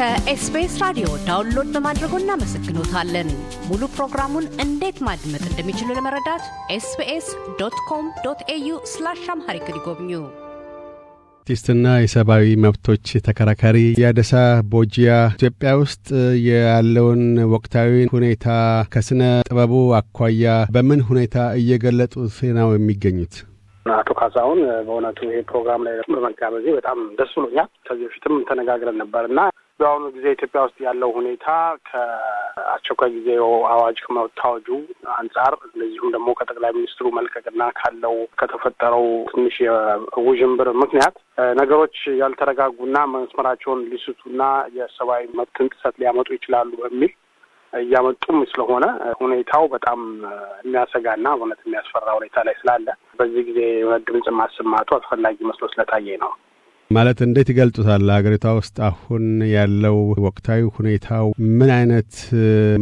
ከኤስቢኤስ ራዲዮ ዳውንሎድ በማድረጎ እናመሰግኖታለን። ሙሉ ፕሮግራሙን እንዴት ማድመጥ እንደሚችሉ ለመረዳት ኤስቢኤስ ዶት ኮም ዶት ኤዩ ስላሽ አምሃሪክ ይጎብኙ። አርቲስትና የሰብአዊ መብቶች ተከራካሪ ያደሳ ቦጂያ ኢትዮጵያ ውስጥ ያለውን ወቅታዊ ሁኔታ ከስነ ጥበቡ አኳያ በምን ሁኔታ እየገለጡት ነው የሚገኙት? አቶ ካሳሁን፣ በእውነቱ ይሄ ፕሮግራም ላይ በመጋበዜ በጣም ደስ ብሎኛል። ከዚህ በፊትም ተነጋግረን ነበር እና በአሁኑ ጊዜ ኢትዮጵያ ውስጥ ያለው ሁኔታ ከአስቸኳይ ጊዜ አዋጅ ከመታወጁ አንጻር እንደዚሁም ደግሞ ከጠቅላይ ሚኒስትሩ መልቀቅና ካለው ከተፈጠረው ትንሽ የውዥንብር ምክንያት ነገሮች ያልተረጋጉና መስመራቸውን ሊስቱና የሰብአዊ መብትን ጥሰት ሊያመጡ ይችላሉ በሚል እያመጡም ስለሆነ ሁኔታው በጣም የሚያሰጋና እውነት የሚያስፈራ ሁኔታ ላይ ስላለ በዚህ ጊዜ የሆነ ድምፅ ማሰማቱ አስፈላጊ መስሎ ስለታየ ነው። ማለት እንዴት ይገልጹታል? ሀገሪቷ ውስጥ አሁን ያለው ወቅታዊ ሁኔታው ምን አይነት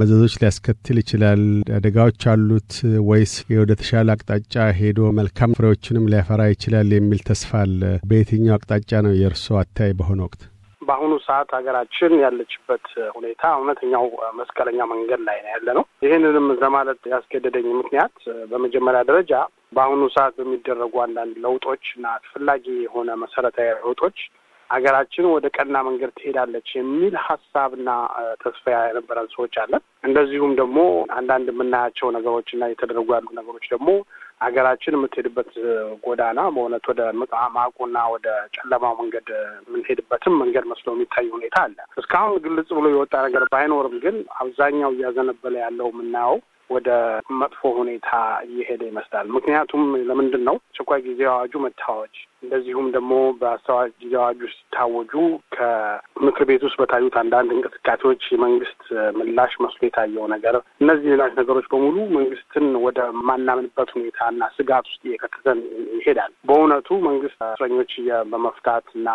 መዘዞች ሊያስከትል ይችላል? አደጋዎች አሉት ወይስ ወደ ተሻለ አቅጣጫ ሄዶ መልካም ፍሬዎችንም ሊያፈራ ይችላል የሚል ተስፋ አለ? በየትኛው አቅጣጫ ነው የእርስዎ አታይ በሆነ ወቅት? በአሁኑ ሰዓት ሀገራችን ያለችበት ሁኔታ እውነተኛው መስቀለኛ መንገድ ላይ ነው ያለ ነው። ይህንንም ለማለት ያስገደደኝ ምክንያት በመጀመሪያ ደረጃ በአሁኑ ሰዓት በሚደረጉ አንዳንድ ለውጦች እና አስፈላጊ የሆነ መሰረታዊ ለውጦች ሀገራችን ወደ ቀና መንገድ ትሄዳለች የሚል ሀሳብና ተስፋ የነበረን ሰዎች አለን። እንደዚሁም ደግሞ አንዳንድ የምናያቸው ነገሮች እና የተደረጉ ያሉ ነገሮች ደግሞ ሀገራችን የምትሄድበት ጎዳና በእውነት ወደ ማቁና ወደ ጨለማው መንገድ የምንሄድበትም መንገድ መስሎ የሚታይ ሁኔታ አለ። እስካሁን ግልጽ ብሎ የወጣ ነገር ባይኖርም ግን አብዛኛው እያዘነበለ ያለው የምናየው ወደ መጥፎ ሁኔታ እየሄደ ይመስላል። ምክንያቱም ለምንድን ነው አስቸኳይ ጊዜ አዋጁ መታወጅ እንደዚሁም ደግሞ በአስቸኳይ ጊዜ አዋጁ ሲታወጁ ከምክር ቤት ውስጥ በታዩት አንዳንድ እንቅስቃሴዎች የመንግስት ምላሽ መስሎ የታየው ነገር እነዚህ ሌላች ነገሮች በሙሉ መንግስትን ወደ ማናምንበት ሁኔታና ስጋት ውስጥ እየከተተን ይሄዳል። በእውነቱ መንግስት እስረኞች በመፍታት እና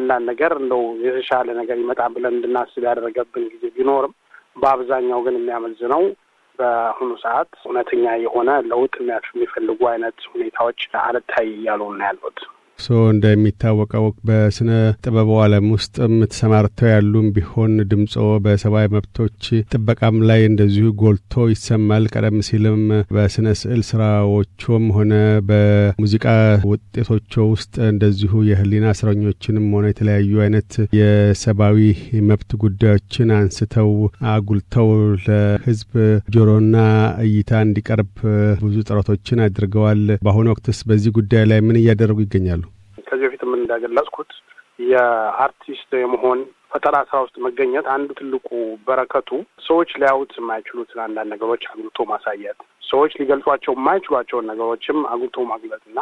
አንዳንድ ነገር እንደው የተሻለ ነገር ይመጣ ብለን እንድናስብ ያደረገብን ጊዜ ቢኖርም በአብዛኛው ግን የሚያመዝነው በአሁኑ ሰዓት እውነተኛ የሆነ ለውጥ የሚፈልጉ አይነት ሁኔታዎች አልታይ እያሉ ነው ያሉት። እርስዎ እንደሚታወቀው በስነ ጥበቡ ዓለም ውስጥም ተሰማርተው ያሉም ቢሆን ድምጾ በሰብአዊ መብቶች ጥበቃም ላይ እንደዚሁ ጎልቶ ይሰማል። ቀደም ሲልም በስነ ስዕል ስራዎቹም ሆነ በሙዚቃ ውጤቶቹ ውስጥ እንደዚሁ የህሊና እስረኞችንም ሆነ የተለያዩ አይነት የሰብአዊ መብት ጉዳዮችን አንስተው አጉልተው ለህዝብ ጆሮና እይታ እንዲቀርብ ብዙ ጥረቶችን አድርገዋል። በአሁኑ ወቅትስ በዚህ ጉዳይ ላይ ምን እያደረጉ ይገኛሉ? ከዚህ በፊትም እንዳገለጽኩት የአርቲስት የመሆን ፈጠራ ስራ ውስጥ መገኘት አንዱ ትልቁ በረከቱ ሰዎች ሊያዩት የማይችሉትን አንዳንድ ነገሮች አጉልቶ ማሳየት፣ ሰዎች ሊገልጿቸው የማይችሏቸውን ነገሮችም አጉልቶ ማግለጥ እና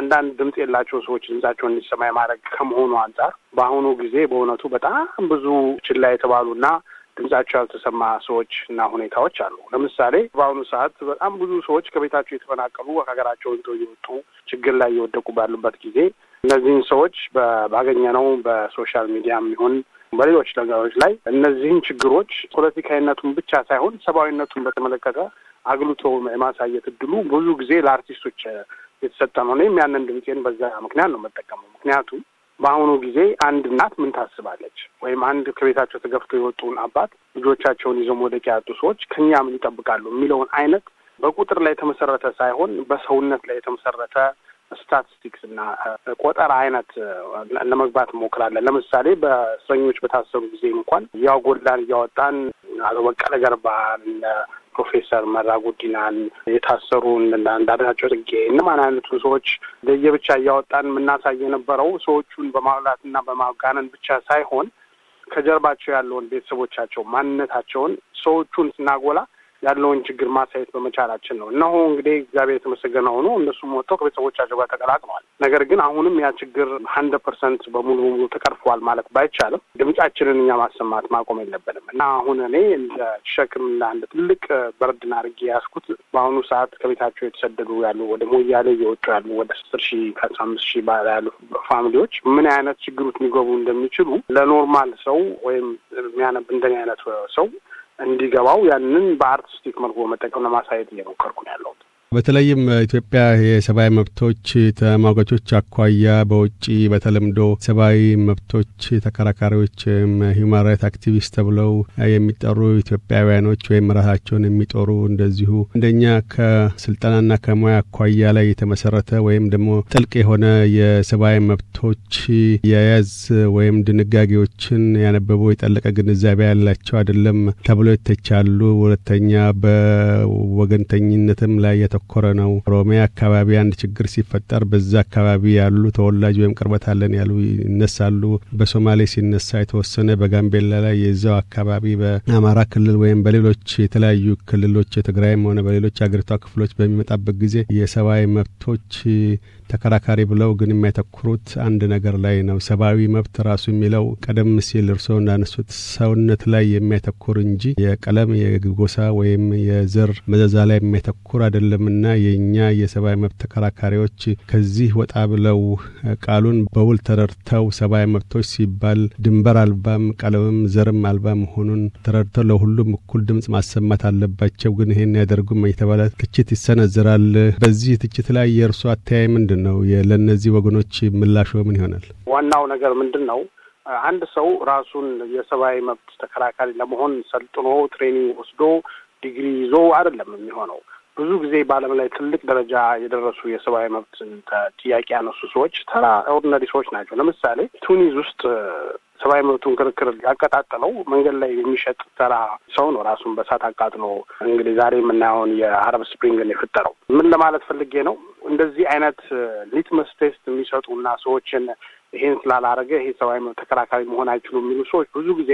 አንዳንድ ድምፅ የላቸው ሰዎች ድምጻቸውን እንዲሰማ የማድረግ ከመሆኑ አንጻር በአሁኑ ጊዜ በእውነቱ በጣም ብዙ ችላ የተባሉና ድምጻቸው ያልተሰማ ሰዎች እና ሁኔታዎች አሉ። ለምሳሌ በአሁኑ ሰዓት በጣም ብዙ ሰዎች ከቤታቸው የተፈናቀሉ፣ ወጥተው እየወጡ ችግር ላይ እየወደቁ ባሉበት ጊዜ እነዚህን ሰዎች ነው በሶሻል ሚዲያም ይሁን በሌሎች ነገሮች ላይ እነዚህን ችግሮች ፖለቲካዊነቱን ብቻ ሳይሆን ሰብአዊነቱን በተመለከተ አግልቶ የማሳየት እድሉ ብዙ ጊዜ ለአርቲስቶች የተሰጠ ነው። እኔም ያንን ድምፄን በዛ ምክንያት ነው የምጠቀመው። ምክንያቱም በአሁኑ ጊዜ አንድ እናት ምን ታስባለች? ወይም አንድ ከቤታቸው ተገፍተው የወጡን አባት ልጆቻቸውን ይዘው መውደቂያ ያጡ ሰዎች ከኛ ምን ይጠብቃሉ የሚለውን አይነት በቁጥር ላይ የተመሰረተ ሳይሆን በሰውነት ላይ የተመሰረተ ስታቲስቲክስ እና ቆጠራ አይነት ለመግባት እንሞክራለን። ለምሳሌ በእስረኞች በታሰሩ ጊዜ እንኳን እያጎላን እያወጣን አቶ በቀለ ገርባን ፕሮፌሰር መራ ጉዲናን የታሰሩ እንዳድናቸው ጽጌ እነማን አይነቱ ሰዎች ለየብቻ እያወጣን የምናሳይ የነበረው ሰዎቹን በማውላትና በማጋነን ብቻ ሳይሆን ከጀርባቸው ያለውን ቤተሰቦቻቸው ማንነታቸውን ሰዎቹን ስናጎላ ያለውን ችግር ማሳየት በመቻላችን ነው። እነሆ እንግዲህ እግዚአብሔር የተመሰገነ ሆኖ እነሱም ወጥተው ከቤተሰቦቻቸው ጋር ተቀላቅለዋል። ነገር ግን አሁንም ያ ችግር ሀንድ ፐርሰንት በሙሉ በሙሉ ተቀርፏል ማለት ባይቻልም ድምጻችንን እኛ ማሰማት ማቆም የለብንም እና አሁን እኔ እንደ ሸክም እና አንድ ትልቅ በርድን አድርጌ ያስኩት በአሁኑ ሰዓት ከቤታቸው የተሰደዱ ያሉ ወደ ሞያሌ እየወጡ ያሉ ወደ አስር ሺህ ከአስራ አምስት ሺህ ባ ያሉ ፋሚሊዎች ምን አይነት ችግሩት ውስጥ ሊገቡ እንደሚችሉ ለኖርማል ሰው ወይም የሚያነብ እንደኔ አይነት ሰው እንዲገባው ያንን በአርቲስቲክ መልኩ በመጠቀም ለማሳየት እየሞከርኩ ነው ያለሁት። በተለይም ኢትዮጵያ የሰብአዊ መብቶች ተሟጋቾች አኳያ በውጭ በተለምዶ ሰብአዊ መብቶች ተከራካሪዎች ወይም ሂውማን ራይት አክቲቪስት ተብለው የሚጠሩ ኢትዮጵያውያኖች ወይም ራሳቸውን የሚጦሩ እንደዚሁ እንደኛ ከስልጠናና ከሙያ አኳያ ላይ የተመሰረተ ወይም ደግሞ ጥልቅ የሆነ የሰብአዊ መብቶች የያዝ ወይም ድንጋጌዎችን ያነበቡ የጠለቀ ግንዛቤ ያላቸው አይደለም ተብሎ ይተቻሉ። ሁለተኛ በወገንተኝነትም ላይ ያተኮረ ነው። ኦሮሚያ አካባቢ አንድ ችግር ሲፈጠር በዛ አካባቢ ያሉ ተወላጅ ወይም ቅርበት አለን ያሉ ይነሳሉ። በሶማሌ ሲነሳ የተወሰነ በጋምቤላ ላይ የዛው አካባቢ በአማራ ክልል ወይም በሌሎች የተለያዩ ክልሎች የትግራይም ሆነ በሌሎች አገሪቷ ክፍሎች በሚመጣበት ጊዜ የሰብአዊ መብቶች ተከራካሪ ብለው ግን የሚያተኩሩት አንድ ነገር ላይ ነው። ሰብአዊ መብት ራሱ የሚለው ቀደም ሲል እርስዎ እንዳነሱት ሰውነት ላይ የሚያተኩር እንጂ የቀለም የጎሳ ወይም የዘር መዘዛ ላይ የሚያተኩር አይደለምና የእኛ የሰብአዊ መብት ተከራካሪዎች ከዚህ ወጣ ብለው ቃሉን በውል ተረድተው ሰብአዊ መብቶች ሲባል ድንበር አልባም ቀለምም ዘርም አልባ መሆኑን ተረድተው ለሁሉም እኩል ድምፅ ማሰማት አለባቸው። ግን ይሄን ያደርጉም የተባለ ትችት ይሰነዝራል። በዚህ ትችት ላይ የእርሶ አተያይ ምንድን ምንድን ነው? ለእነዚህ ወገኖች ምላሹ ምን ይሆናል? ዋናው ነገር ምንድን ነው? አንድ ሰው ራሱን የሰብአዊ መብት ተከላካሪ ለመሆን ሰልጥኖ ትሬኒንግ ወስዶ ዲግሪ ይዞ አይደለም የሚሆነው። ብዙ ጊዜ በዓለም ላይ ትልቅ ደረጃ የደረሱ የሰብአዊ መብት ጥያቄ ያነሱ ሰዎች ተራ ኦርዲነሪ ሰዎች ናቸው። ለምሳሌ ቱኒዝ ውስጥ ሰብአዊ መብቱን ክርክር ያቀጣጠለው መንገድ ላይ የሚሸጥ ተራ ሰው ነው ራሱን በሳት አቃጥሎ እንግዲህ ዛሬ የምናየውን የአረብ ስፕሪንግን የፈጠረው። ምን ለማለት ፈልጌ ነው? እንደዚህ አይነት ሊትመስ ቴስት የሚሰጡና ሰዎችን ይሄን ስላላረገ ይሄ ሰብአዊ መብት ተከራካሪ መሆን አይችሉም የሚሉ ሰዎች ብዙ ጊዜ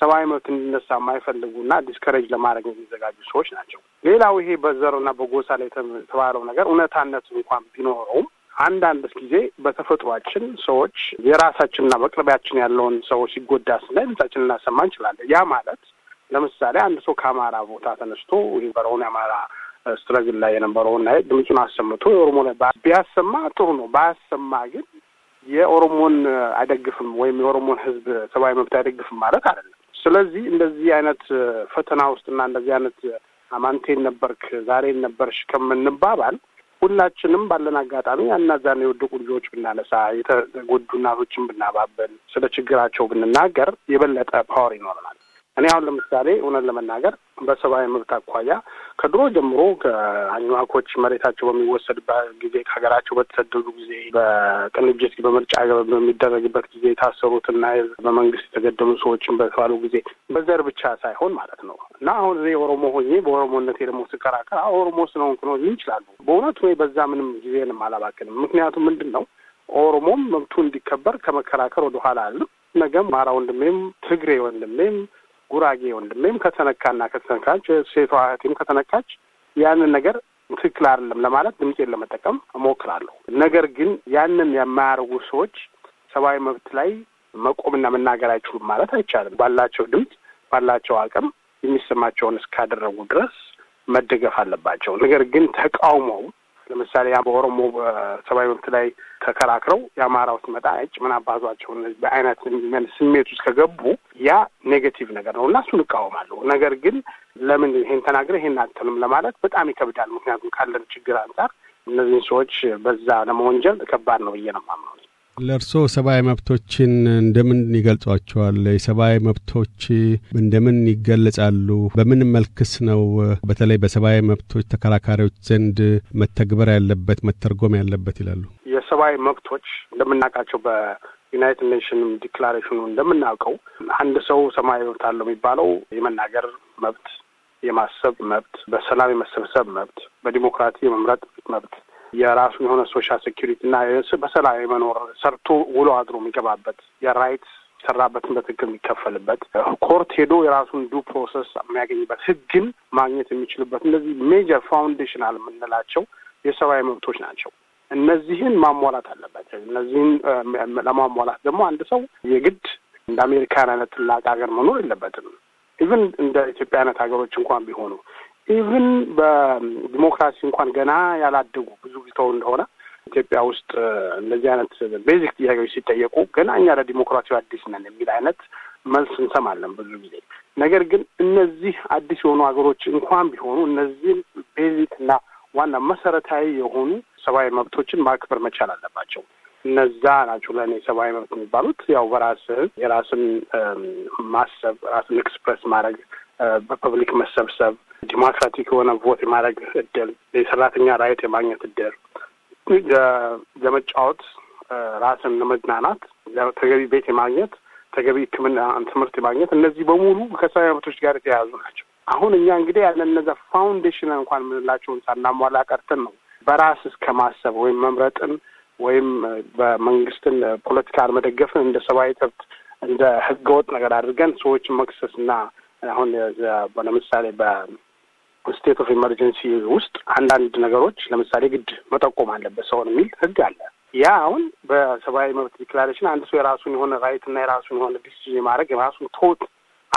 ሰብአዊ መብት እንዲነሳ የማይፈልጉና ዲስከሬጅ ለማድረግ የሚዘጋጁ ሰዎች ናቸው። ሌላው ይሄ በዘርና በጎሳ ላይ የተባለው ነገር እውነታነት እንኳን ቢኖረውም አንዳንድ ጊዜ በተፈጥሯችን ሰዎች የራሳችንና በቅርቢያችን ያለውን ሰው ሲጎዳ ስናይ ድምጻችን ልናሰማ እንችላለን። ያ ማለት ለምሳሌ አንድ ሰው ከአማራ ቦታ ተነስቶ የነበረውን የአማራ ስትረግል ላይ የነበረውን ላይ ድምፁን አሰምቶ የኦሮሞ ላይ ቢያሰማ ጥሩ ነው። ባያሰማ ግን የኦሮሞን አይደግፍም ወይም የኦሮሞን ሕዝብ ሰብአዊ መብት አይደግፍም ማለት አይደለም። ስለዚህ እንደዚህ አይነት ፈተና ውስጥና እንደዚህ አይነት አማንቴን ነበርክ ዛሬን ነበርሽ ከምንባባል ሁላችንም ባለን አጋጣሚ ያናዛን የወደቁ ልጆች ብናነሳ፣ የተጎዱ እናቶችን ብናባበል፣ ስለ ችግራቸው ብንናገር የበለጠ ፓወር ይኖረናል። እኔ አሁን ለምሳሌ እውነት ለመናገር በሰብአዊ መብት አኳያ ከድሮ ጀምሮ ከአኝዋኮች መሬታቸው በሚወሰድበት ጊዜ ከሀገራቸው በተሰደዱ ጊዜ በቅንጅት በምርጫ በሚደረግበት ጊዜ የታሰሩትና በመንግስት የተገደሉ ሰዎችን በተባሉ ጊዜ በዘር ብቻ ሳይሆን ማለት ነው እና አሁን እዚህ ኦሮሞ ሆኜ በኦሮሞነቴ ደግሞ ስከራከር ኦሮሞ ስለሆንኩ ነው ይችላሉ። በእውነት ወይ በዛ ምንም ጊዜንም አላባክንም። ምክንያቱም ምንድን ነው ኦሮሞም መብቱ እንዲከበር ከመከራከር ወደኋላ አለም። ነገም ማራ ወንድሜም ትግሬ ወንድሜም ጉራጌ ወንድሜም ከተነካና ከተነካች፣ ሴቷ እህቴም ከተነካች ያንን ነገር ትክክል አይደለም ለማለት ድምፄን ለመጠቀም እሞክራለሁ። ነገር ግን ያንን የማያደርጉ ሰዎች ሰብአዊ መብት ላይ መቆምና መናገር አይችሉም ማለት አይቻልም። ባላቸው ድምፅ ባላቸው አቅም የሚሰማቸውን እስካደረጉ ድረስ መደገፍ አለባቸው። ነገር ግን ተቃውሞው ለምሳሌ በኦሮሞ ሰብአዊ መብት ላይ ተከራክረው የአማራው ሲመጣ እጭ ምን አባዟቸው በአይነት ስሜት ውስጥ ከገቡ ያ ኔጌቲቭ ነገር ነው እና እሱን እቃወማለሁ። ነገር ግን ለምን ይሄን ተናግረ ይሄን አትልም ለማለት በጣም ይከብዳል። ምክንያቱም ካለን ችግር አንጻር እነዚህን ሰዎች በዛ ለመወንጀል ከባድ ነው ብዬ ነው የማምነው። ለእርስዎ ሰብአዊ መብቶችን እንደምን ይገልጿቸዋል? የሰብአዊ መብቶች እንደምን ይገለጻሉ? በምን መልክስ ነው በተለይ በሰብአዊ መብቶች ተከራካሪዎች ዘንድ መተግበር ያለበት መተርጎም ያለበት ይላሉ? የሰብአዊ መብቶች እንደምናውቃቸው በዩናይትድ ኔሽን ዲክላሬሽኑ እንደምናውቀው አንድ ሰው ሰብአዊ መብት አለው የሚባለው የመናገር መብት፣ የማሰብ መብት፣ በሰላም የመሰብሰብ መብት፣ በዲሞክራሲ የመምረጥ መብት የራሱ የሆነ ሶሻል ሴኪሪቲ እና በሰላም የመኖር ሰርቶ ውሎ አድሮ የሚገባበት የራይት ሰራበትን በትክክል የሚከፈልበት ኮርት ሄዶ የራሱን ዱ ፕሮሰስ የሚያገኝበት ህግን ማግኘት የሚችልበት እነዚህ ሜጀር ፋውንዴሽናል የምንላቸው የሰብአዊ መብቶች ናቸው። እነዚህን ማሟላት አለባቸው። እነዚህን ለማሟላት ደግሞ አንድ ሰው የግድ እንደ አሜሪካን አይነት ትላቅ ሀገር መኖር የለበትም። ኢቭን እንደ ኢትዮጵያ አይነት ሀገሮች እንኳን ቢሆኑ ኢቭን በዲሞክራሲ እንኳን ገና ያላደጉ ብዙ ጊዜው እንደሆነ ኢትዮጵያ ውስጥ እንደዚህ አይነት ቤዚክ ጥያቄዎች ሲጠየቁ ገና እኛ ለዲሞክራሲ አዲስ ነን የሚል አይነት መልስ እንሰማለን ብዙ ጊዜ። ነገር ግን እነዚህ አዲስ የሆኑ ሀገሮች እንኳን ቢሆኑ እነዚህን ቤዚክ እና ዋና መሰረታዊ የሆኑ ሰብአዊ መብቶችን ማክበር መቻል አለባቸው። እነዛ ናቸው ለእኔ ሰብአዊ መብት የሚባሉት። ያው በራስህ የራስን ማሰብ፣ ራስን ኤክስፕረስ ማድረግ፣ በፐብሊክ መሰብሰብ፣ ዲሞክራቲክ የሆነ ቮት የማድረግ እድል፣ የሰራተኛ ራይት የማግኘት እድል፣ ለመጫወት፣ ራስን ለመዝናናት፣ ተገቢ ቤት የማግኘት፣ ተገቢ ሕክምና፣ ትምህርት የማግኘት እነዚህ በሙሉ ከሰብአዊ መብቶች ጋር የተያያዙ ናቸው። አሁን እኛ እንግዲህ ያለ እነዛ ፋውንዴሽን እንኳን የምንላቸውን ሳናሟላ ቀርተን ነው በራስ እስከ ማሰብ ወይም መምረጥን ወይም በመንግስትን ፖለቲካን መደገፍን እንደ ሰብአዊ ተብት እንደ ህገወጥ ነገር አድርገን ሰዎችን መክሰስ እና አሁን ለምሳሌ በስቴት ኦፍ ኢመርጀንሲ ውስጥ አንዳንድ ነገሮች ለምሳሌ ግድ መጠቆም አለበት ሰውን የሚል ህግ አለ። ያ አሁን በሰብአዊ መብት ዲክላሬሽን አንድ ሰው የራሱን የሆነ ራይት እና የራሱን የሆነ ዲሲዥን የማድረግ የራሱን ቶት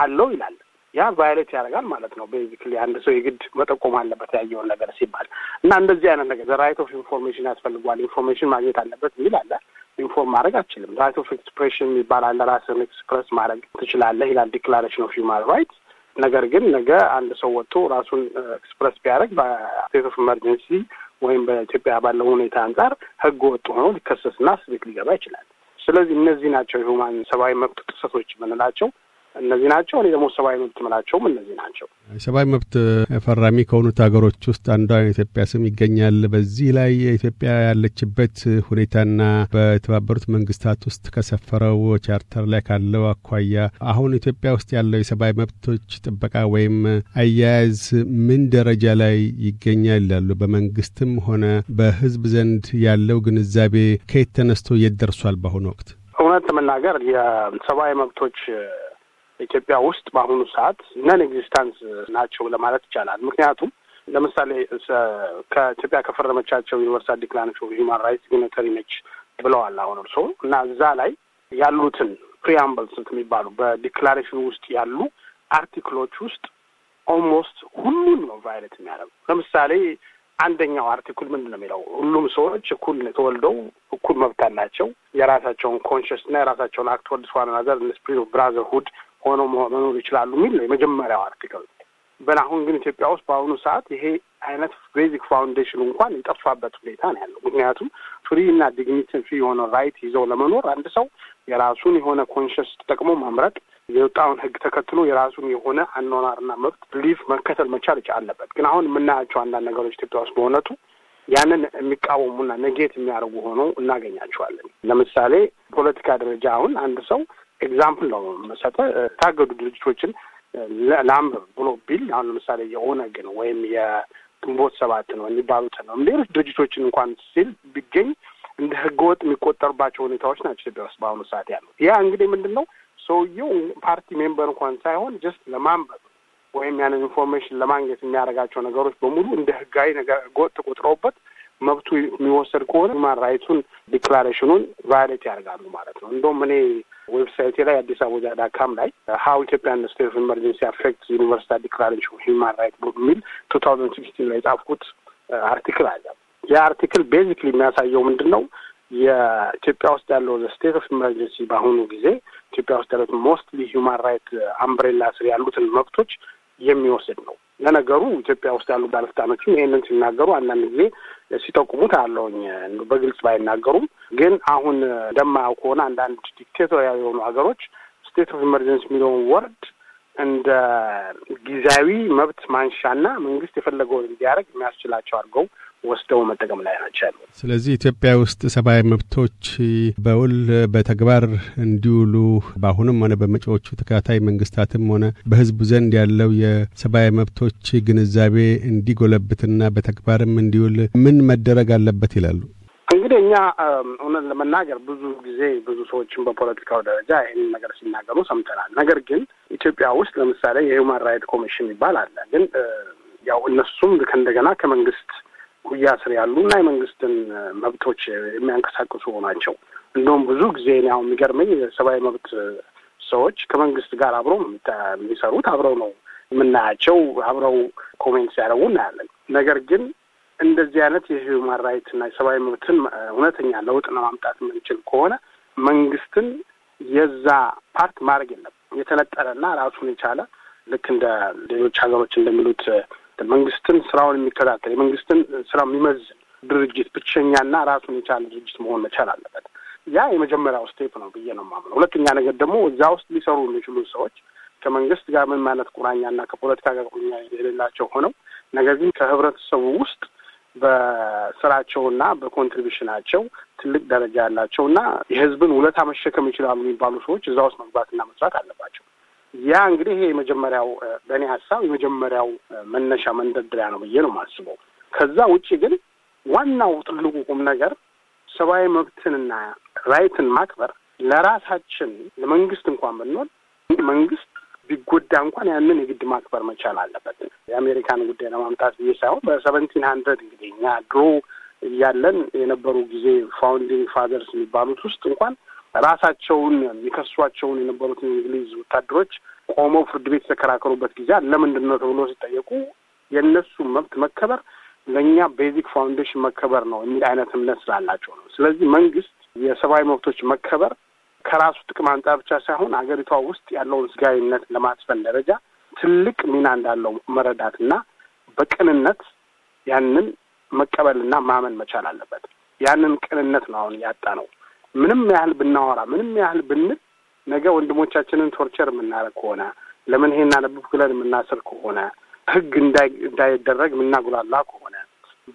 አለው ይላል። ያ ቫዮሌት ያደርጋል ማለት ነው። ቤዚክሊ አንድ ሰው የግድ መጠቆም አለበት ያየውን ነገር ሲባል እና እንደዚህ አይነት ነገር ራይት ኦፍ ኢንፎርሜሽን ያስፈልጓል። ኢንፎርሜሽን ማግኘት አለበት የሚል አለ። ኢንፎርም ማድረግ አችልም። ራይት ኦፍ ኤክስፕሬሽን የሚባል አለ። ራስን ኤክስፕረስ ማድረግ ትችላለህ ይላል ዲክላሬሽን ኦፍ ሂውማን ራይት። ነገር ግን ነገ አንድ ሰው ወጥቶ ራሱን ኤክስፕረስ uh, ቢያደርግ በስቴት ኦፍ ኢመርጀንሲ ወይም በኢትዮጵያ ባለው ሁኔታ አንጻር ህገ ወጥ ሆኖ ሊከሰስና ስቤት ሊገባ ይችላል። ስለዚህ እነዚህ ናቸው የሁማን ሰብአዊ መብት ጥሰቶች የምንላቸው። እነዚህ ናቸው። እኔ ደግሞ ሰብአዊ መብት ምላቸውም እነዚህ ናቸው። የሰብአዊ መብት ፈራሚ ከሆኑት ሀገሮች ውስጥ አንዷ የኢትዮጵያ ስም ይገኛል። በዚህ ላይ ኢትዮጵያ ያለችበት ሁኔታና በተባበሩት መንግስታት ውስጥ ከሰፈረው ቻርተር ላይ ካለው አኳያ አሁን ኢትዮጵያ ውስጥ ያለው የሰብአዊ መብቶች ጥበቃ ወይም አያያዝ ምን ደረጃ ላይ ይገኛል ይላሉ? በመንግስትም ሆነ በህዝብ ዘንድ ያለው ግንዛቤ ከየት ተነስቶ የት ደርሷል? በአሁኑ ወቅት እውነት መናገር የሰብአዊ መብቶች ኢትዮጵያ ውስጥ በአሁኑ ሰዓት ነን ኤግዚስታንስ ናቸው ለማለት ይቻላል። ምክንያቱም ለምሳሌ ከኢትዮጵያ ከፈረመቻቸው ዩኒቨርሳል ዲክላሬሽን ኦፍ ሂውማን ራይትስ ዩኒተሪ ነች ብለዋል አሁን እርሶ እና እዛ ላይ ያሉትን ፕሪያምበልስ የሚባሉ በዲክላሬሽን ውስጥ ያሉ አርቲክሎች ውስጥ ኦልሞስት ሁሉም ነው ቫይለት የሚያደርጉ ለምሳሌ አንደኛው አርቲክል ምንድን ነው የሚለው? ሁሉም ሰዎች እኩል ተወልደው እኩል መብት አላቸው። የራሳቸውን ኮንሽስ ኮንሽስና የራሳቸውን አክት ወልድ ስዋን ናዘር ስፕሪት ኦፍ ብራዘርሁድ ሆነው መኖር ይችላሉ የሚል ነው የመጀመሪያው አርቲክል። አሁን ግን ኢትዮጵያ ውስጥ በአሁኑ ሰዓት ይሄ አይነት ቤዚክ ፋውንዴሽኑ እንኳን የጠፋበት ሁኔታ ነው ያለው። ምክንያቱም ፍሪ እና ዲግኒቲ ፍሪ የሆነ ራይት ይዘው ለመኖር አንድ ሰው የራሱን የሆነ ኮንሽስ ተጠቅሞ መምረጥ የወጣውን ሕግ ተከትሎ የራሱን የሆነ አኗኗርና መብት ሊቭ መከተል መቻል አለበት። ግን አሁን የምናያቸው አንዳንድ ነገሮች ኢትዮጵያ ውስጥ በእውነቱ ያንን የሚቃወሙና ነጌት የሚያደርጉ ሆኖ እናገኛቸዋለን። ለምሳሌ ፖለቲካ ደረጃ አሁን አንድ ሰው ኤግዛምፕል ነው መሰጠ የታገዱ ድርጅቶችን ለአንብብ ብሎ ቢል አሁን ለምሳሌ የኦነግን ወይም የግንቦት ሰባት ነው የሚባሉት ነው ሌሎች ድርጅቶችን እንኳን ሲል ቢገኝ እንደ ህገወጥ የሚቆጠሩባቸው ሁኔታዎች ናቸው ኢትዮጵያ ውስጥ በአሁኑ ሰዓት ያሉ። ያ እንግዲህ ምንድን ነው ሰውየው ፓርቲ ሜምበር እንኳን ሳይሆን ጀስት ለማንበብ ወይም ያንን ኢንፎርሜሽን ለማግኘት የሚያደርጋቸው ነገሮች በሙሉ እንደ ህጋዊ ነገር ህገወጥ ተቆጥረውበት መብቱ የሚወሰድ ከሆነ ማን ራይቱን ዲክላሬሽኑን ቫዮሌት ያደርጋሉ ማለት ነው። እንደውም እኔ ዌብሳይቴ ላይ አዲስ አበባ ዳካም ላይ ሀው ኢትዮጵያን ስቴት ኦፍ ኢመርጀንሲ አፌክት ዩኒቨርሲቲ ዲክላሬሽን ሂማን ሂውማን ራይት በሚል ቱ ታውዘንድ ሲክስቲን ላይ የጻፍኩት አርቲክል አለ። ያ አርቲክል ቤዚክሊ የሚያሳየው ምንድን ነው? የኢትዮጵያ ውስጥ ያለው ስቴት ኦፍ ኢመርጀንሲ በአሁኑ ጊዜ ኢትዮጵያ ውስጥ ያሉት ሞስትሊ ሂማን ራይት አምብሬላ ስር ያሉትን መብቶች የሚወስድ ነው። ለነገሩ ኢትዮጵያ ውስጥ ያሉ ባለስልጣኖችም ይህንን ሲናገሩ አንዳንድ ጊዜ ሲጠቁሙት አለውኝ በግልጽ ባይናገሩም ግን አሁን እንደማያው ከሆነ አንዳንድ ዲክቴቶሪያል የሆኑ ሀገሮች ስቴት ኦፍ ኢመርጀንስ የሚለውን ወርድ እንደ ጊዜያዊ መብት ማንሻና መንግስት የፈለገውን እንዲያደርግ የሚያስችላቸው አድርገው ወስደው መጠቀም ላይ ናቸው ያሉ። ስለዚህ ኢትዮጵያ ውስጥ ሰብአዊ መብቶች በውል በተግባር እንዲውሉ በአሁኑም ሆነ በመጪዎቹ ተከታታይ መንግስታትም ሆነ በህዝቡ ዘንድ ያለው የሰብአዊ መብቶች ግንዛቤ እንዲጎለብትና በተግባርም እንዲውል ምን መደረግ አለበት ይላሉ? እንግዲህ እኛ እውነት ለመናገር ብዙ ጊዜ ብዙ ሰዎችን በፖለቲካው ደረጃ ይህን ነገር ሲናገሩ ሰምተናል። ነገር ግን ኢትዮጵያ ውስጥ ለምሳሌ የሁማን ራይት ኮሚሽን ይባል አለ። ግን ያው እነሱም ከእንደገና ከመንግስት ኩያ ስር ያሉ እና የመንግስትን መብቶች የሚያንቀሳቅሱ ናቸው። እንደውም ብዙ ጊዜ ያው የሚገርመኝ የሰብአዊ መብት ሰዎች ከመንግስት ጋር አብረው ነው የሚሰሩት፣ አብረው ነው የምናያቸው፣ አብረው ኮሜንት ሲያደርጉ እናያለን። ነገር ግን እንደዚህ አይነት የሂውማን ራይት እና የሰብአዊ መብትን እውነተኛ ለውጥ ለማምጣት የምንችል ከሆነ መንግስትን የዛ ፓርት ማድረግ የለም የተነጠለና ራሱን የቻለ ልክ እንደ ሌሎች ሀገሮች እንደሚሉት መንግስትን ስራውን የሚከታተል የመንግስትን ስራ የሚመዝን ድርጅት ብቸኛና ራሱን የቻለ ድርጅት መሆን መቻል አለበት። ያ የመጀመሪያው ስቴፕ ነው ብዬ ነው ማምነው። ሁለተኛ ነገር ደግሞ እዛ ውስጥ ሊሰሩ የሚችሉ ሰዎች ከመንግስት ጋር ምንም አይነት ቁራኛና ከፖለቲካ ጋር ቁርኛ የሌላቸው ሆነው ነገር ግን ከህብረተሰቡ ውስጥ በስራቸውና በኮንትሪቢሽናቸው ትልቅ ደረጃ ያላቸውና የህዝብን ውለታ መሸከም ይችላሉ የሚባሉ ሰዎች እዛ ውስጥ መግባትና መስራት አለባቸው። ያ እንግዲህ የመጀመሪያው በእኔ ሀሳብ የመጀመሪያው መነሻ መንደርደሪያ ነው ብዬ ነው የማስበው። ከዛ ውጭ ግን ዋናው ትልቁ ቁም ነገር ሰብአዊ መብትንና ራይትን ማክበር ለራሳችን ለመንግስት እንኳን ብንሆን መንግስት ቢጎዳ እንኳን ያንን የግድ ማክበር መቻል አለበት። የአሜሪካን ጉዳይ ለማምጣት ብዬ ሳይሆን በሰቨንቲን ሀንድረድ እንግዲህ እኛ ድሮ እያለን የነበሩ ጊዜ ፋውንዲንግ ፋዘርስ የሚባሉት ውስጥ እንኳን ራሳቸውን የሚከሷቸውን የነበሩትን የእንግሊዝ ወታደሮች ቆመው ፍርድ ቤት የተከራከሩበት ጊዜ ለምንድን ነው ተብሎ ሲጠየቁ የእነሱ መብት መከበር ለእኛ ቤዚክ ፋውንዴሽን መከበር ነው የሚል አይነት እምነት ስላላቸው ነው። ስለዚህ መንግስት የሰብአዊ መብቶች መከበር ከራሱ ጥቅም አንጻር ብቻ ሳይሆን አገሪቷ ውስጥ ያለውን ስጋዊነት ለማስፈን ደረጃ ትልቅ ሚና እንዳለው መረዳትና በቅንነት ያንን መቀበልና ማመን መቻል አለበት። ያንን ቅንነት ነው አሁን ያጣ ነው። ምንም ያህል ብናወራ ምንም ያህል ብንል ነገ ወንድሞቻችንን ቶርቸር የምናደርግ ከሆነ ለምን ይሄን ለብብ ብለን የምናስር ከሆነ ህግ እንዳይደረግ የምናጉላላ ከሆነ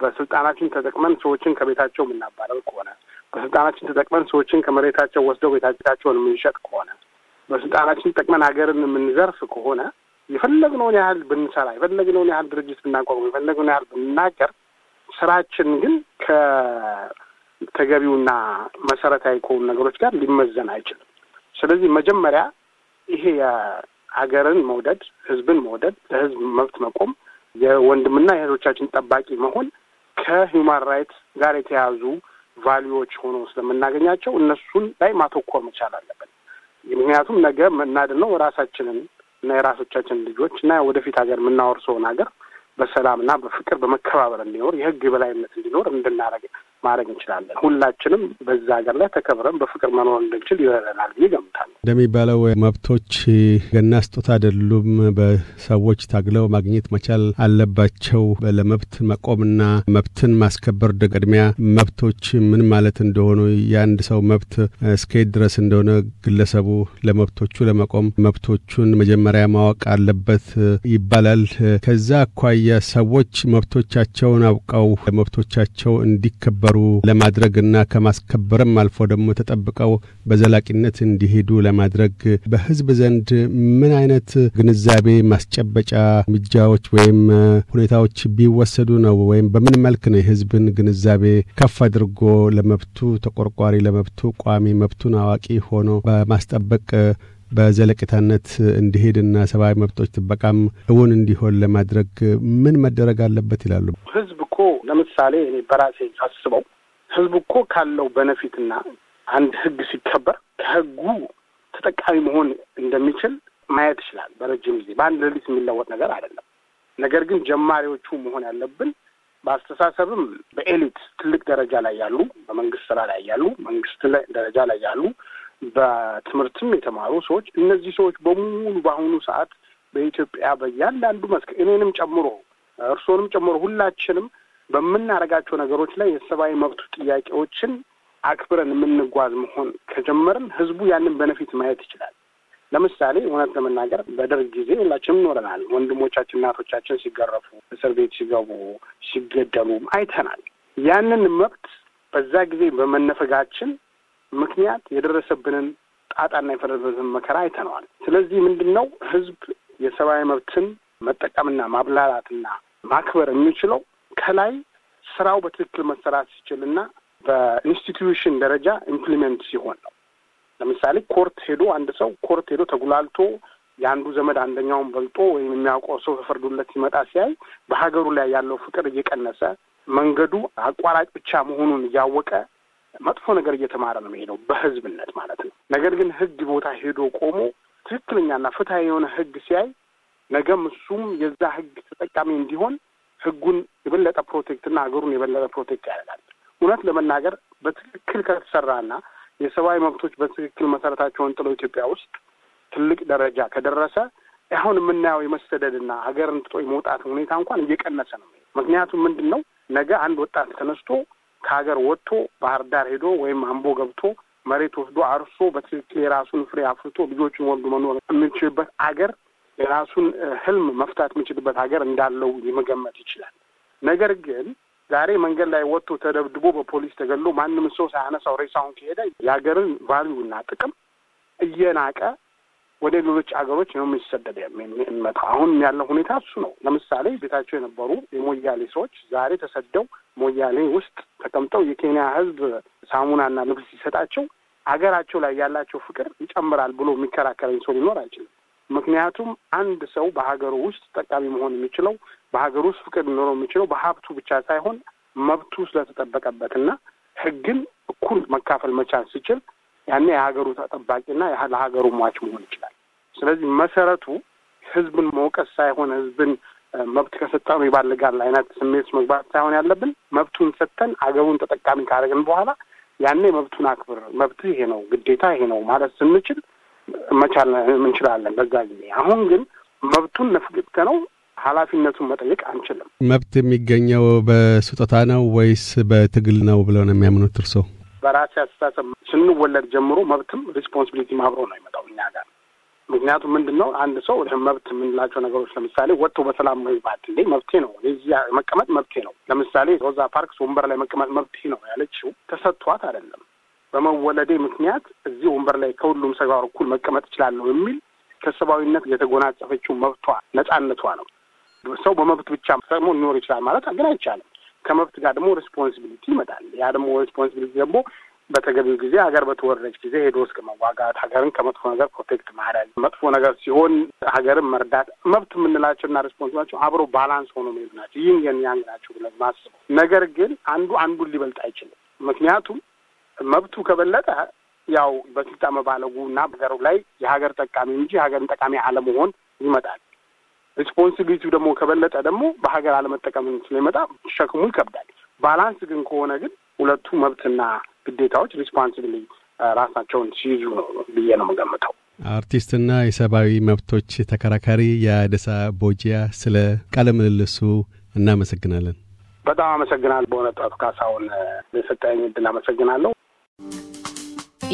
በስልጣናችን ተጠቅመን ሰዎችን ከቤታቸው የምናባረር ከሆነ በስልጣናችን ተጠቅመን ሰዎችን ከመሬታቸው ወስደው ቤታቸውን የምንሸጥ ከሆነ በስልጣናችን ተጠቅመን ሀገርን የምንዘርፍ ከሆነ የፈለግነውን ያህል ብንሰራ የፈለግነውን ያህል ድርጅት ብናቋቁም የፈለግነውን ያህል ብንናገር ስራችን ግን ተገቢውና መሰረታዊ ከሆኑ ነገሮች ጋር ሊመዘን አይችልም። ስለዚህ መጀመሪያ ይሄ የሀገርን መውደድ፣ ህዝብን መውደድ፣ ለህዝብ መብት መቆም፣ የወንድምና የእህቶቻችን ጠባቂ መሆን ከሂውማን ራይትስ ጋር የተያያዙ ቫሊዎች ሆኖ ስለምናገኛቸው እነሱን ላይ ማተኮር መቻል አለብን። ምክንያቱም ነገ የምናድነው ራሳችንን እና የራሶቻችንን ልጆች እና ወደፊት ሀገር የምናወርሰውን ሀገር በሰላምና በፍቅር በመከባበር እንዲኖር የህግ በላይነት እንዲኖር እንድናደርግ ማድረግ እንችላለን። ሁላችንም በዛ ሀገር ላይ ተከብረን በፍቅር መኖር እንድንችል ይረዳናል ብዬ እገምታለሁ። እንደሚባለው መብቶች ገና ስጦታ አይደሉም። በሰዎች ታግለው ማግኘት መቻል አለባቸው። ለመብት መቆምና መብትን ማስከበር ቅድሚያ መብቶች ምን ማለት እንደሆኑ የአንድ ሰው መብት እስከየት ድረስ እንደሆነ ግለሰቡ ለመብቶቹ ለመቆም መብቶቹን መጀመሪያ ማወቅ አለበት ይባላል። ከዛ አኳያ ሰዎች መብቶቻቸውን አውቀው መብቶቻቸው እንዲከበሩ እንዲማሩ ለማድረግና ከማስከበርም አልፎ ደግሞ ተጠብቀው በዘላቂነት እንዲሄዱ ለማድረግ በህዝብ ዘንድ ምን አይነት ግንዛቤ ማስጨበጫ እርምጃዎች ወይም ሁኔታዎች ቢወሰዱ ነው ወይም በምን መልክ ነው የህዝብን ግንዛቤ ከፍ አድርጎ ለመብቱ ተቆርቋሪ፣ ለመብቱ ቋሚ፣ መብቱን አዋቂ ሆኖ በማስጠበቅ በዘለቂታነት እንዲሄድና ሰብአዊ መብቶች ጥበቃም እውን እንዲሆን ለማድረግ ምን መደረግ አለበት ይላሉ? ህዝብ እኮ ለምሳሌ እኔ በራሴ አስበው ህዝብ እኮ ካለው በነፊትና አንድ ህግ ሲከበር ከህጉ ተጠቃሚ መሆን እንደሚችል ማየት ይችላል። በረጅም ጊዜ በአንድ ሌሊት የሚለወጥ ነገር አይደለም። ነገር ግን ጀማሪዎቹ መሆን ያለብን በአስተሳሰብም በኤሊት ትልቅ ደረጃ ላይ ያሉ፣ በመንግስት ስራ ላይ ያሉ፣ መንግስት ደረጃ ላይ ያሉ በትምህርትም የተማሩ ሰዎች እነዚህ ሰዎች በሙሉ በአሁኑ ሰዓት በኢትዮጵያ በእያንዳንዱ መስክ እኔንም ጨምሮ እርስዎንም ጨምሮ ሁላችንም በምናደርጋቸው ነገሮች ላይ የሰብአዊ መብት ጥያቄዎችን አክብረን የምንጓዝ መሆን ከጀመርን ህዝቡ ያንን በነፊት ማየት ይችላል። ለምሳሌ እውነት ለመናገር በደርግ ጊዜ ሁላችንም ኖረናል። ወንድሞቻችን እናቶቻችን ሲገረፉ፣ እስር ቤት ሲገቡ፣ ሲገደሉም አይተናል። ያንን መብት በዛ ጊዜ በመነፈጋችን ምክንያት የደረሰብንን ጣጣና የፈረሰብንን መከራ አይተነዋል። ስለዚህ ምንድን ነው ህዝብ የሰብአዊ መብትን መጠቀምና ማብላላትና ማክበር የሚችለው ከላይ ስራው በትክክል መሰራት ሲችልና በኢንስቲትዩሽን ደረጃ ኢምፕሊመንት ሲሆን ነው። ለምሳሌ ኮርት ሄዶ አንድ ሰው ኮርት ሄዶ ተጉላልቶ የአንዱ ዘመድ አንደኛውን በልጦ ወይም የሚያውቀው ሰው ተፈርዶለት ሲመጣ ሲያይ በሀገሩ ላይ ያለው ፍቅር እየቀነሰ መንገዱ አቋራጭ ብቻ መሆኑን እያወቀ መጥፎ ነገር እየተማረ ነው የሚሄደው በህዝብነት ማለት ነው። ነገር ግን ህግ ቦታ ሄዶ ቆሞ ትክክለኛና ፍትሀዊ የሆነ ህግ ሲያይ ነገም እሱም የዛ ህግ ተጠቃሚ እንዲሆን ህጉን የበለጠ ፕሮቴክትና ሀገሩን የበለጠ ፕሮቴክት ያደርጋል። እውነት ለመናገር በትክክል ከተሰራና የሰብአዊ መብቶች በትክክል መሰረታቸውን ጥሎ ኢትዮጵያ ውስጥ ትልቅ ደረጃ ከደረሰ አሁን የምናየው የመሰደድና ሀገርን ጥጦ የመውጣት ሁኔታ እንኳን እየቀነሰ ነው። ምክንያቱም ምንድን ነው ነገ አንድ ወጣት ተነስቶ ከሀገር ወጥቶ ባህር ዳር ሄዶ ወይም አምቦ ገብቶ መሬት ወስዶ አርሶ በትክክል የራሱን ፍሬ አፍርቶ ልጆችን ወልዶ መኖር የምንችልበት አገር የራሱን ህልም መፍታት የምንችልበት ሀገር እንዳለው ሊመገመት ይችላል። ነገር ግን ዛሬ መንገድ ላይ ወጥቶ ተደብድቦ በፖሊስ ተገሎ ማንም ሰው ሳያነሳው ሬሳውን ከሄደ የሀገርን ቫልዩና ጥቅም እየናቀ ወደ ሌሎች አገሮች ነው የሚሰደደ የሚመጣ። አሁን ያለው ሁኔታ እሱ ነው። ለምሳሌ ቤታቸው የነበሩ የሞያሌ ሰዎች ዛሬ ተሰደው ሞያሌ ውስጥ ተቀምጠው የኬንያ ህዝብ ሳሙናና ልብስ ሲሰጣቸው አገራቸው ላይ ያላቸው ፍቅር ይጨምራል ብሎ የሚከራከረኝ ሰው ሊኖር አይችልም። ምክንያቱም አንድ ሰው በሀገሩ ውስጥ ጠቃሚ መሆን የሚችለው በሀገሩ ውስጥ ፍቅር ሊኖረው የሚችለው በሀብቱ ብቻ ሳይሆን መብቱ ስለተጠበቀበት ህግን እኩል መካፈል መቻል ሲችል ያኔ የሀገሩ ተጠባቂና ለሀገሩ ሟች መሆን ይችላል። ስለዚህ መሰረቱ ህዝብን መውቀስ ሳይሆን ህዝብን መብት ነው ይባልጋል አይነት ስሜት መግባት ሳይሆን ያለብን መብቱን ሰጥተን አገቡን ተጠቃሚ ካደረግን በኋላ ያኔ መብቱን አክብር፣ መብት ይሄ ነው፣ ግዴታ ይሄ ነው ማለት ስንችል መቻል እንችላለን። በዛ ጊዜ አሁን ግን መብቱን ነፍግተ ነው ኃላፊነቱን መጠየቅ አንችልም። መብት የሚገኘው በስጦታ ነው ወይስ በትግል ነው ብለው ነው የሚያምኑት እርስዎ? በራሴ አስተሳሰብ ስንወለድ ጀምሮ መብትም ሪስፖንሲቢሊቲ አብሮ ነው የመጣው እኛ ጋር ምክንያቱም ምንድን ነው አንድ ሰው መብት የምንላቸው ነገሮች ለምሳሌ ወጥቶ በሰላም መግባት እንዴ መብቴ ነው፣ እዚያ መቀመጥ መብቴ ነው። ለምሳሌ ሮዛ ፓርክስ ወንበር ላይ መቀመጥ መብቴ ነው ያለችው ተሰጥቷት አይደለም። በመወለዴ ምክንያት እዚህ ወንበር ላይ ከሁሉም ሰው ጋር እኩል መቀመጥ እችላለሁ የሚል ከሰብአዊነት የተጎናጸፈችው መብቷ ነጻነቷ ነው። ሰው በመብት ብቻ ሰሞ ሊኖር ይችላል ማለት ግን አይቻልም። ከመብት ጋር ደግሞ ሬስፖንሲቢሊቲ ይመጣል። ያ ደግሞ ሬስፖንሲቢሊቲ ደግሞ በተገቢው ጊዜ ሀገር በተወረጅ ጊዜ ሄዶ እስከ መዋጋት ሀገርን ከመጥፎ ነገር ፕሮቴክት ማድረግ መጥፎ ነገር ሲሆን ሀገርን መርዳት መብት የምንላቸው እና ሪስፖንስ ናቸው አብሮ ባላንስ ሆኖ መሄዱ ናቸው። ይህን ያንግ ናቸው ብለን ማስቡ። ነገር ግን አንዱ አንዱን ሊበልጥ አይችልም። ምክንያቱም መብቱ ከበለጠ ያው በስልጣን መባለጉ እና በገሩ ላይ የሀገር ጠቃሚ እንጂ ሀገርን ጠቃሚ አለመሆን ይመጣል። ሪስፖንሲቢሊቲው ደግሞ ከበለጠ ደግሞ በሀገር አለመጠቀምን ስለሚመጣ ሸክሙ ይከብዳል። ባላንስ ግን ከሆነ ግን ሁለቱ መብትና ግዴታዎች ሪስፖንስብሊ uh, ራሳቸውን ሲይዙ ነው ብዬ ነው የምገምተው። አርቲስትና የሰብአዊ መብቶች ተከራካሪ የአደሳ ቦጂያ ስለ ቃለ ምልልሱ እናመሰግናለን። በጣም አመሰግናል። በእውነት አቶ ካሳሁን ለሰጠኝ እድል አመሰግናለሁ።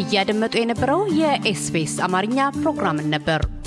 እያደመጡ የነበረው የኤስቢኤስ አማርኛ ፕሮግራምን ነበር።